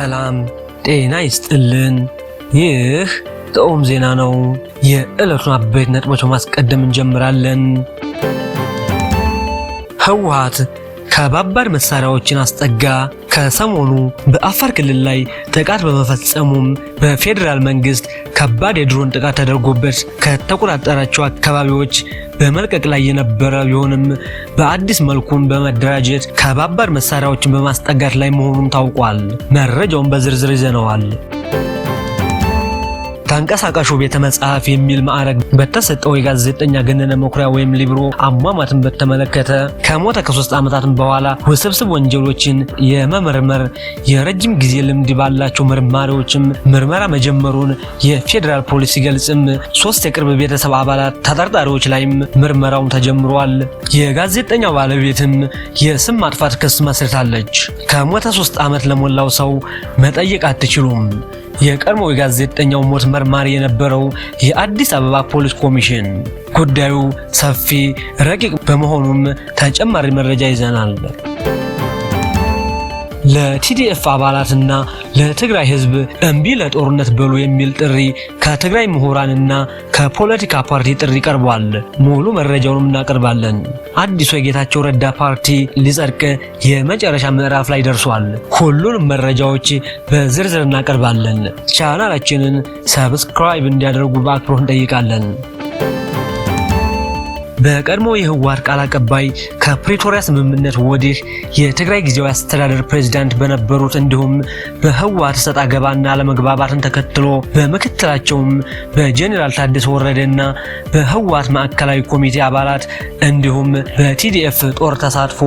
ሰላም ጤና ይስጥልን። ይህ ጥዑም ዜና ነው። የዕለቱን አበይት ነጥቦች በማስቀደም እንጀምራለን። ህወሓት ከባባድ መሳሪያዎችን አስጠጋ። ከሰሞኑ በአፋር ክልል ላይ ጥቃት በመፈጸሙም በፌዴራል መንግስት ከባድ የድሮን ጥቃት ተደርጎበት ከተቆጣጠራቸው አካባቢዎች በመልቀቅ ላይ የነበረ ቢሆንም በአዲስ መልኩን በመደራጀት ከባባድ መሳሪያዎችን በማስጠጋት ላይ መሆኑን ታውቋል። መረጃውን በዝርዝር ይዘነዋል። ተንቀሳቃሹ ቤተ መጽሐፍ የሚል ማዕረግ በተሰጠው የጋዜጠኛ ገነነ መኩሪያ ወይም ሊብሮ አሟሟትን በተመለከተ ከሞተ ከሶስት ዓመታትም በኋላ ውስብስብ ወንጀሎችን የመመርመር የረጅም ጊዜ ልምድ ባላቸው መርማሪዎችም ምርመራ መጀመሩን የፌዴራል ፖሊስ ሲገልጽም ሶስት የቅርብ ቤተሰብ አባላት ተጠርጣሪዎች ላይም ምርመራውም ተጀምሯል። የጋዜጠኛው ባለቤትም የስም ማጥፋት ክስ መስርታለች። ከሞተ ሶስት ዓመት ለሞላው ሰው መጠየቅ አትችሉም የቀድሞ የጋዜጠኛው ሞት መርማሪ የነበረው የአዲስ አበባ ፖሊስ ኮሚሽን ጉዳዩ ሰፊ ረቂቅ በመሆኑም ተጨማሪ መረጃ ይዘናል። ለቲዲኤፍ አባላትና ለትግራይ ህዝብ እምቢ ለጦርነት በሉ የሚል ጥሪ ከትግራይ ምሁራንና ከፖለቲካ ፓርቲ ጥሪ ቀርቧል። ሙሉ መረጃውንም እናቀርባለን። አዲሱ የጌታቸው ረዳ ፓርቲ ሊጸድቅ የመጨረሻ ምዕራፍ ላይ ደርሷል። ሁሉንም መረጃዎች በዝርዝር እናቀርባለን። ቻናላችንን ሰብስክራይብ እንዲያደርጉ በአክብሮት እንጠይቃለን። በቀድሞ የህወሓት ቃል አቀባይ ከፕሪቶሪያ ስምምነት ወዲህ የትግራይ ጊዜያዊ አስተዳደር ፕሬዝዳንት በነበሩት እንዲሁም በህወሓት ሰጣ አገባና አለመግባባትን ተከትሎ በምክትላቸውም በጄኔራል ታደሰ ወረደና በህወሓት ማዕከላዊ ኮሚቴ አባላት እንዲሁም በቲዲኤፍ ጦር ተሳትፎ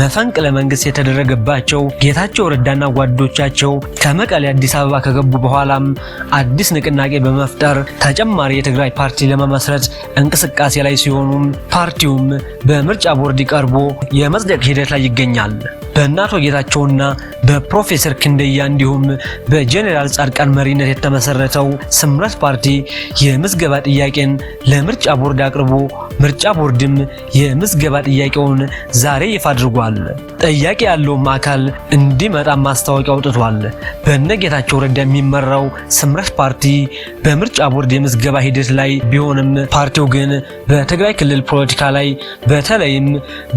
መፈንቅለ መንግስት የተደረገባቸው ጌታቸው ረዳና ጓዶቻቸው ከመቀሌ አዲስ አበባ ከገቡ በኋላም አዲስ ንቅናቄ በመፍጠር ተጨማሪ የትግራይ ፓርቲ ለመመስረት እንቅስቃሴ ላይ ሲሆኑም ፓርቲውም በምርጫ ቦርድ ቀርቦ የመጽደቅ ሂደት ላይ ይገኛል። በእነ አቶ ጌታቸውና በፕሮፌሰር ክንደያ እንዲሁም በጀኔራል ጻድቃን መሪነት የተመሰረተው ስምረት ፓርቲ የምዝገባ ጥያቄን ለምርጫ ቦርድ አቅርቦ ምርጫ ቦርድም የምዝገባ ጥያቄውን ዛሬ ይፋ አድርጓል። ጥያቄ ያለውም አካል እንዲመጣ ማስታወቂያ አውጥቷል። በነጌታቸው ረዳ የሚመራው ስምረት ፓርቲ በምርጫ ቦርድ የምዝገባ ሂደት ላይ ቢሆንም ፓርቲው ግን በትግራይ ክልል ፖለቲካ ላይ በተለይም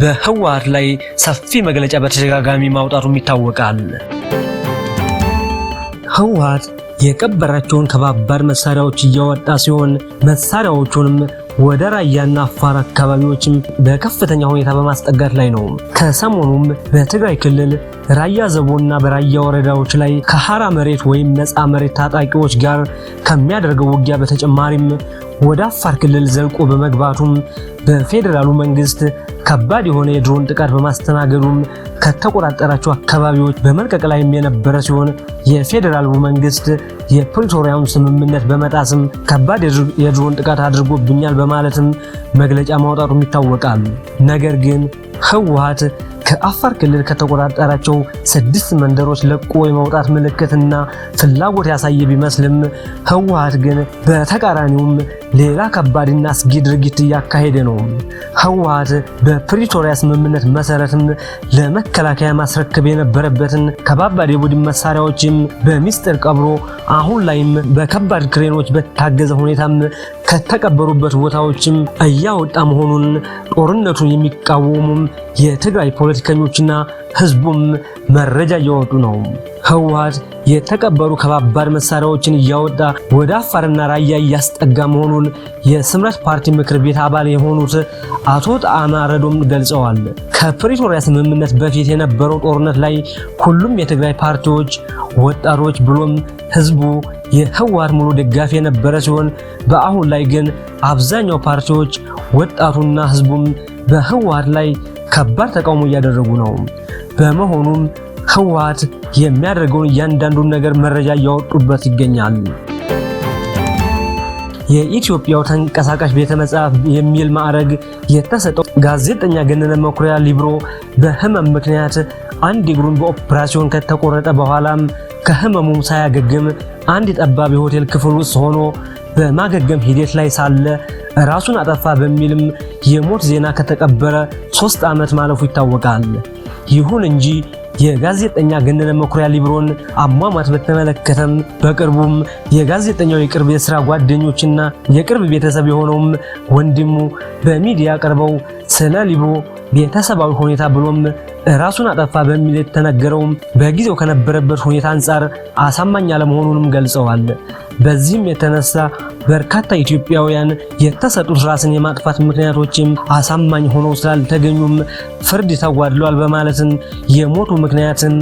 በህወሓት ላይ ሰፊ መግለጫ በተደጋጋሚ ማውጣቱም ይታወቃል። ተገኝተዋል። ህወሓት የቀበራቸውን ከባባድ መሳሪያዎች እያወጣ ሲሆን መሳሪያዎቹንም ወደ ራያና አፋር አካባቢዎችም በከፍተኛ ሁኔታ በማስጠጋት ላይ ነው። ከሰሞኑም በትግራይ ክልል ራያ ዘቦና በራያ ወረዳዎች ላይ ከሐራ መሬት ወይም ነፃ መሬት ታጣቂዎች ጋር ከሚያደርገው ውጊያ በተጨማሪም ወደ አፋር ክልል ዘልቆ በመግባቱም በፌዴራሉ መንግስት ከባድ የሆነ የድሮን ጥቃት በማስተናገዱም ከተቆጣጠራቸው አካባቢዎች በመልቀቅ ላይም የነበረ ሲሆን የፌዴራሉ መንግስት የፕሪቶሪያውን ስምምነት በመጣስም ከባድ የድሮን ጥቃት አድርጎብኛል በማለትም መግለጫ ማውጣቱም ይታወቃል። ነገር ግን ህወሓት ከአፋር ክልል ከተቆጣጠራቸው ስድስት መንደሮች ለቆ የመውጣት ምልክትና ፍላጎት ያሳየ ቢመስልም ህወሓት ግን በተቃራኒውም ሌላ ከባድና አስጊ ድርጊት እያካሄደ ነው። ህወሓት በፕሪቶሪያ ስምምነት መሰረትም ለመከላከያ ማስረከብ የነበረበትን ከባባድ የቡድን መሳሪያዎችም በሚስጥር ቀብሮ አሁን ላይም በከባድ ክሬኖች በታገዘ ሁኔታም ከተቀበሩበት ቦታዎችም እያወጣ መሆኑን ጦርነቱን የሚቃወሙም የትግራይ ፖለቲከኞችና ህዝቡም መረጃ እያወጡ ነው። ህወሓት የተቀበሩ ከባባድ መሳሪያዎችን እያወጣ ወደ አፋርና ራያ እያስጠጋ መሆኑን የስምረት ፓርቲ ምክር ቤት አባል የሆኑት አቶ ጣዕማ ረዶም ገልጸዋል። ከፕሪቶሪያ ስምምነት በፊት የነበረው ጦርነት ላይ ሁሉም የትግራይ ፓርቲዎች፣ ወጣቶች ብሎም ህዝቡ የህወሓት ሙሉ ደጋፊ የነበረ ሲሆን በአሁን ላይ ግን አብዛኛው ፓርቲዎች ወጣቱና ህዝቡም በህወሓት ላይ ከባድ ተቃውሞ እያደረጉ ነው። በመሆኑም ህወሓት የሚያደርገውን እያንዳንዱን ነገር መረጃ እያወጡበት ይገኛል። የኢትዮጵያው ተንቀሳቃሽ ቤተ መጽሐፍ የሚል ማዕረግ የተሰጠው ጋዜጠኛ ገነነ መኩሪያ ሊብሮ በህመም ምክንያት አንድ እግሩን በኦፕራሲዮን ከተቆረጠ በኋላም ከህመሙ ሳያገግም አንድ ጠባብ የሆቴል ክፍል ውስጥ ሆኖ በማገገም ሂደት ላይ ሳለ ራሱን አጠፋ በሚልም የሞት ዜና ከተቀበረ ሶስት ዓመት ማለፉ ይታወቃል። ይሁን እንጂ የጋዜጠኛ ገነነ መኩሪያ ሊብሮን አሟሟት በተመለከተም በቅርቡም የጋዜጠኛው የቅርብ የስራ ጓደኞችና የቅርብ ቤተሰብ የሆነውም ወንድሙ በሚዲያ ቀርበው ስለ ሊቦ ቤተሰባዊ ሁኔታ ብሎም ራሱን አጠፋ በሚል የተነገረውም በጊዜው ከነበረበት ሁኔታ አንጻር አሳማኝ አለመሆኑንም ገልጸዋል። በዚህም የተነሳ በርካታ ኢትዮጵያውያን የተሰጡት ራስን የማጥፋት ምክንያቶችም አሳማኝ ሆነው ስላልተገኙም ፍርድ ተጓድሏል በማለትም የሞቱ ምክንያትን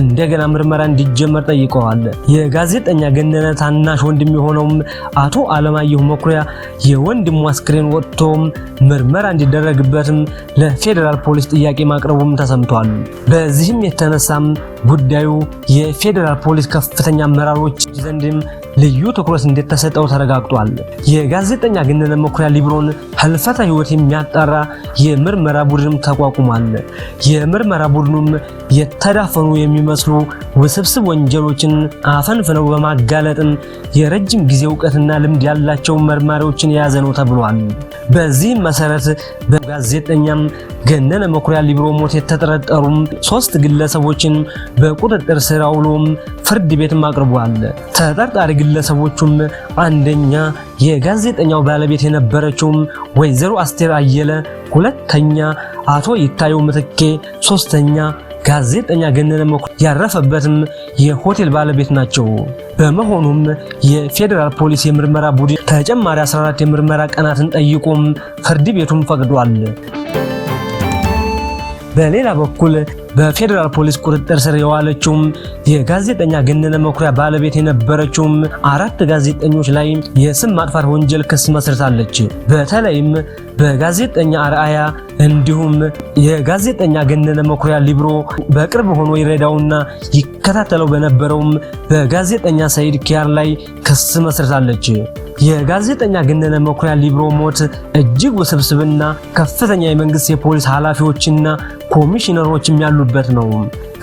እንደገና ምርመራ እንዲጀመር ጠይቀዋል። የጋዜጠኛ ገነነ ታናሽ ወንድም የሆነውም አቶ አለማየሁ መኩሪያ የወንድሙ አስክሬን ወጥቶ ምርመራ እንዲደረግበትም ለፌዴራል ፖሊስ ጥያቄ ማቅረቡም ተሰምቷል። በዚህም የተነሳም ጉዳዩ የፌዴራል ፖሊስ ከፍተኛ አመራሮች ዘንድም ልዩ ትኩረት እንደተሰጠው ተረጋግጧል። የጋዜጠኛ ገነነ መኩሪያ ሊብሮን ህልፈተ ህይወት የሚያጣራ የምርመራ ቡድንም ተቋቁሟል። የምርመራ ቡድኑም የተዳፈኑ የሚመስሉ ውስብስብ ወንጀሎችን አፈንፍነው በማጋለጥም የረጅም ጊዜ እውቀትና ልምድ ያላቸው መርማሪዎችን የያዘ ነው ተብሏል። በዚህም መሰረት በጋዜጠኛም ገነነ መኩሪያ ሊብሮ ሞት የተጠረጠሩ ሶስት ግለሰቦችን በቁጥጥር ስር አውሎም ፍርድ ቤትም አቅርቧል። ተጠርጣሪ ግለሰቦቹም አንደኛ የጋዜጠኛው ባለቤት የነበረችውም ወይዘሮ አስቴር አየለ፣ ሁለተኛ አቶ ይታየው ምትኬ፣ ሶስተኛ ጋዜጠኛ ገነነ መኩሪያ ያረፈበትም የሆቴል ባለቤት ናቸው። በመሆኑም የፌዴራል ፖሊስ የምርመራ ቡድን ተጨማሪ 14 የምርመራ ቀናትን ጠይቆም ፍርድ ቤቱም ፈቅዷል። በሌላ በኩል በፌዴራል ፖሊስ ቁጥጥር ስር የዋለችውም የጋዜጠኛ ገነነ መኩሪያ ባለቤት የነበረችውም አራት ጋዜጠኞች ላይ የስም ማጥፋት ወንጀል ክስ መስርታለች። በተለይም በጋዜጠኛ አርአያ እንዲሁም የጋዜጠኛ ገነነ መኩሪያ ሊብሮ በቅርብ ሆኖ ይረዳውና ይከታተለው በነበረውም በጋዜጠኛ ሰይድ ኪያር ላይ ክስ መስርታለች። የጋዜጠኛ ገነነ መኩሪያ ሊብሮ ሞት እጅግ ውስብስብና ከፍተኛ የመንግስት የፖሊስ ኃላፊዎችና ኮሚሽነሮችም ያሉበት ነው።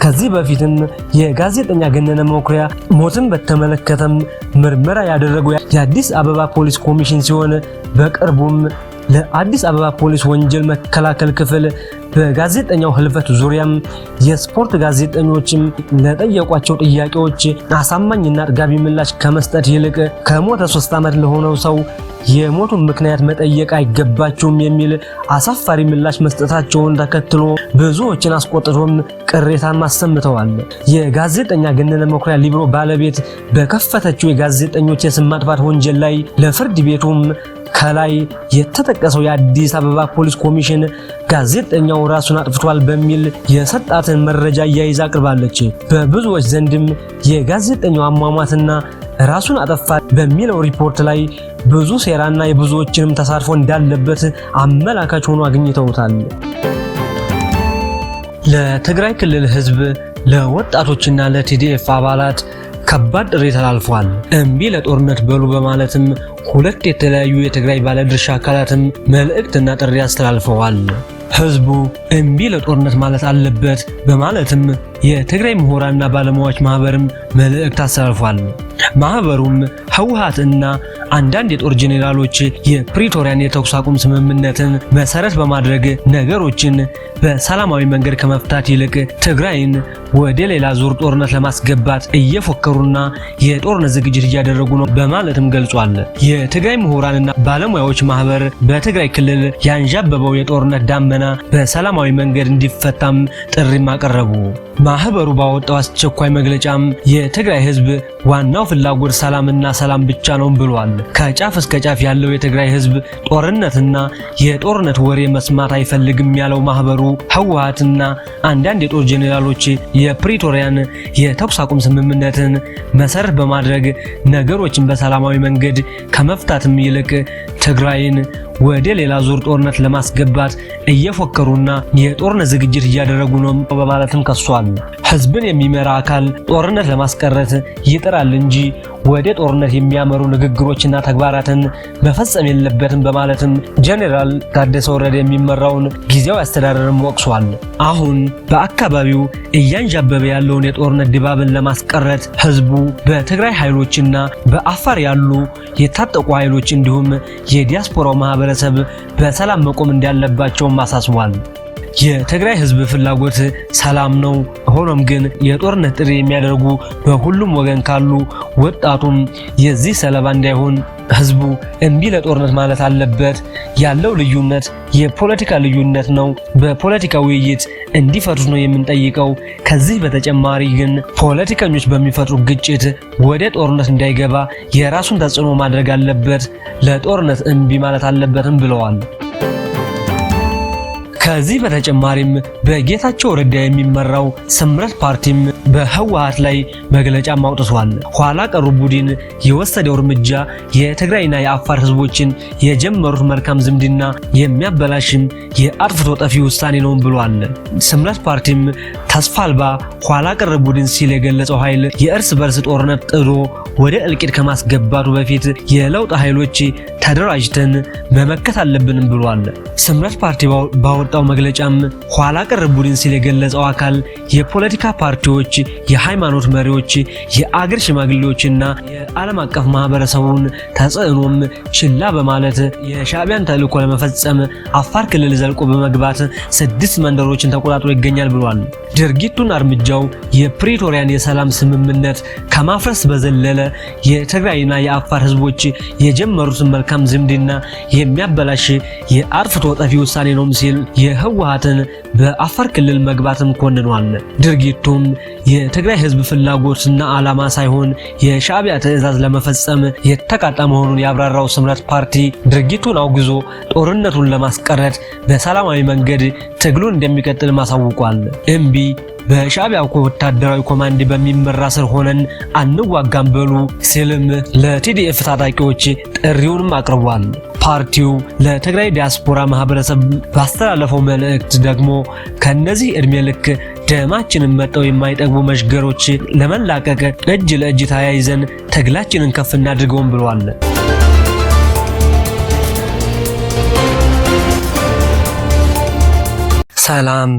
ከዚህ በፊትም የጋዜጠኛ ገነነ መኩሪያ ሞትን በተመለከተም ምርመራ ያደረጉ የአዲስ አበባ ፖሊስ ኮሚሽን ሲሆን በቅርቡም ለአዲስ አበባ ፖሊስ ወንጀል መከላከል ክፍል በጋዜጠኛው ህልፈት ዙሪያም የስፖርት ጋዜጠኞችም ለጠየቋቸው ጥያቄዎች አሳማኝና አጥጋቢ ምላሽ ከመስጠት ይልቅ ከሞተ ሶስት ዓመት ለሆነው ሰው የሞቱን ምክንያት መጠየቅ አይገባቸውም የሚል አሳፋሪ ምላሽ መስጠታቸውን ተከትሎ ብዙዎችን አስቆጥቶም ቅሬታን አሰምተዋል። የጋዜጠኛ ገነነ መኩሪያ ሊብሮ ባለቤት በከፈተችው የጋዜጠኞች የስም ማጥፋት ወንጀል ላይ ለፍርድ ቤቱም ከላይ የተጠቀሰው የአዲስ አበባ ፖሊስ ኮሚሽን ጋዜጠኛው ራሱን አጥፍቷል በሚል የሰጣትን መረጃ እያይዛ አቅርባለች። በብዙዎች ዘንድም የጋዜጠኛው አሟሟትና ራሱን አጠፋ በሚለው ሪፖርት ላይ ብዙ ሴራና የብዙዎችንም ተሳትፎ እንዳለበት አመላካች ሆኖ አግኝተውታል። ለትግራይ ክልል ህዝብ ለወጣቶችና ለቲዲኤፍ አባላት ከባድ ጥሪ ተላልፏል። እምቢ ለጦርነት በሉ በማለትም ሁለት የተለያዩ የትግራይ ባለድርሻ አካላትም መልእክትና ጥሪ አስተላልፈዋል። ህዝቡ እምቢ ለጦርነት ማለት አለበት በማለትም የትግራይ ምሁራንና ባለሙያዎች ማህበርም መልእክት አስተላልፏል። ማህበሩም ህወሓት እና አንዳንድ የጦር ጄኔራሎች የፕሪቶሪያን የተኩስ አቁም ስምምነትን መሰረት በማድረግ ነገሮችን በሰላማዊ መንገድ ከመፍታት ይልቅ ትግራይን ወደ ሌላ ዙር ጦርነት ለማስገባት እየፎከሩና የጦርነት ዝግጅት እያደረጉ ነው በማለትም ገልጿል። የትግራይ ምሁራንና ባለሙያዎች ማህበር በትግራይ ክልል ያንዣበበው የጦርነት ዳመና በሰላማዊ መንገድ እንዲፈታም ጥሪም አቀረቡ። ማህበሩ ባወጣው አስቸኳይ መግለጫም የትግራይ ህዝብ ዋናው ፍላጎት ሰላምና ሰላም ብቻ ነው ብሏል። ከጫፍ እስከ ጫፍ ያለው የትግራይ ህዝብ ጦርነትና የጦርነት ወሬ መስማት አይፈልግም ያለው ማህበሩ ህወሓትና አንዳንድ የጦር ጄኔራሎች የፕሪቶሪያን የተኩስ አቁም ስምምነትን መሰረት በማድረግ ነገሮችን በሰላማዊ መንገድ ከመፍታትም ይልቅ ትግራይን ወደ ሌላ ዙር ጦርነት ለማስገባት እየፎከሩና የጦርነት ዝግጅት እያደረጉ ነው በማለትም ከሷል። ህዝብን የሚመራ አካል ጦርነት ለማስቀረት ይጥራል እንጂ ወደ ጦርነት የሚያመሩ ንግግሮችና ተግባራትን መፈጸም የለበትም በማለትም ጄኔራል ታደሰ ወረደ የሚመራውን ጊዜያዊ አስተዳደርም ወቅሷል። አሁን በአካባቢው እያንዣበበ ያለውን የጦርነት ድባብን ለማስቀረት ህዝቡ በትግራይ ኃይሎችና በአፋር ያሉ የታጠቁ ኃይሎች እንዲሁም የዲያስፖራው ማህበረሰብ በሰላም መቆም እንዳለባቸውም አሳስቧል። የትግራይ ህዝብ ፍላጎት ሰላም ነው። ሆኖም ግን የጦርነት ጥሪ የሚያደርጉ በሁሉም ወገን ካሉ ወጣቱም የዚህ ሰለባ እንዳይሆን ህዝቡ እምቢ ለጦርነት ማለት አለበት። ያለው ልዩነት የፖለቲካ ልዩነት ነው። በፖለቲካ ውይይት እንዲፈቱት ነው የምንጠይቀው። ከዚህ በተጨማሪ ግን ፖለቲከኞች በሚፈጥሩት ግጭት ወደ ጦርነት እንዳይገባ የራሱን ተጽዕኖ ማድረግ አለበት። ለጦርነት እምቢ ማለት አለበትም ብለዋል። ከዚህ በተጨማሪም በጌታቸው ረዳ የሚመራው ስምረት ፓርቲም በህዋሃት ላይ መግለጫ አውጥቷል። ኋላ ቀሩ ቡድን የወሰደው እርምጃ የትግራይና የአፋር ህዝቦችን የጀመሩት መልካም ዝምድና የሚያበላሽም የአጥፍቶ ጠፊ ውሳኔ ነው ብሏል። ስምረት ፓርቲም ተስፋ አልባ ኋላ ቀር ቡድን ሲል የገለጸው ኃይል የእርስ በርስ ጦርነት ጥሎ ወደ እልቂት ከማስገባቱ በፊት የለውጥ ኃይሎች ተደራጅተን መመከት አለብንም ብሏል። ስምረት ፓርቲ ባወጣው መግለጫም ኋላ ቀር ቡድን ሲል የገለጸው አካል የፖለቲካ ፓርቲዎች የሃይማኖት መሪዎች፣ የአገር ሽማግሌዎችና የዓለም አቀፍ ማህበረሰቡን ተጽዕኖም ችላ በማለት የሻዕቢያን ተልዕኮ ለመፈጸም አፋር ክልል ዘልቆ በመግባት ስድስት መንደሮችን ተቆጣጥሮ ይገኛል ብሏል። ድርጊቱን እርምጃው የፕሪቶሪያን የሰላም ስምምነት ከማፍረስ በዘለለ የትግራይና የአፋር ህዝቦች የጀመሩትን መልካም ዝምድና የሚያበላሽ የአጥፍቶ ጠፊ ውሳኔ ነውም ሲል የህወሓትን በአፋር ክልል መግባትም ኮንኗል። ድርጊቱም የትግራይ ህዝብ ፍላጎትና ዓላማ ሳይሆን የሻዕቢያ ትዕዛዝ ለመፈጸም የተቃጣ መሆኑን ያብራራው ስምረት ፓርቲ ድርጊቱን አውግዞ ጦርነቱን ለማስቀረት በሰላማዊ መንገድ ትግሉን እንደሚቀጥል ማሳውቋል። እምቢ በሻቢያ ወታደራዊ ኮማንድ በሚመራ ስር ሆነን አንዋጋም በሉ ሲልም ለቲዲኤፍ ታጣቂዎች ጥሪውንም አቅርቧል። ፓርቲው ለትግራይ ዲያስፖራ ማህበረሰብ ባስተላለፈው መልእክት ደግሞ ከነዚህ እድሜ ልክ ደማችንን መጠው የማይጠግቡ መሽገሮች ለመላቀቅ እጅ ለእጅ ተያይዘን ትግላችንን ከፍ እናድርገውን ብሏል። ሰላም